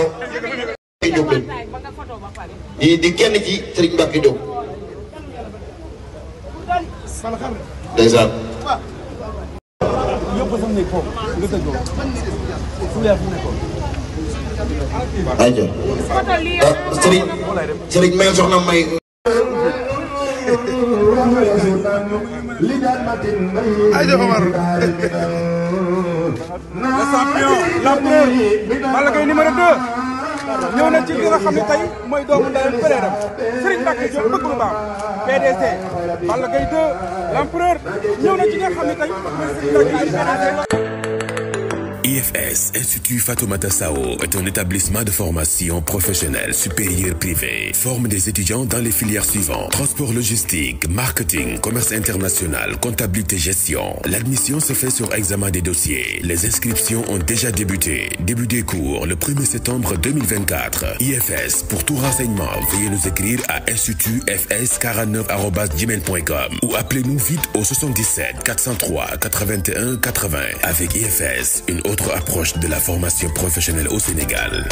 dafa Mbacke Diop lañ di di kenn ci Serigne Mbacke Diop ndeysaan aja ah, Serigne Serigne may soxna may ayja Omar. le champion l'empereur Balla Gaye numéro 2. ñëw na ci li nga xam ne tey mooy doomu ndeyam frère am Serigne Mbacké Diop bëgg lu baax PDC Balla Gaye 2 l'empereur ñëw na ci li nga xam ne tey mooy Serigne Mbacké Diop PDC. IFS, Institut Fatoumata Sao, est un établissement de formation professionnelle supérieure privée. Forme des étudiants dans les filières suivantes. Transport logistique, marketing, commerce international, comptabilité gestion. L'admission se fait sur examen des dossiers. Les inscriptions ont déjà débuté. Début des cours le 1er septembre IFS, pour tout renseignement, veuillez nous écrire à institutfs49@gmail.com ou appelez-nous vite au avec IFS, notre approche de la formation professionnelle au Sénégal.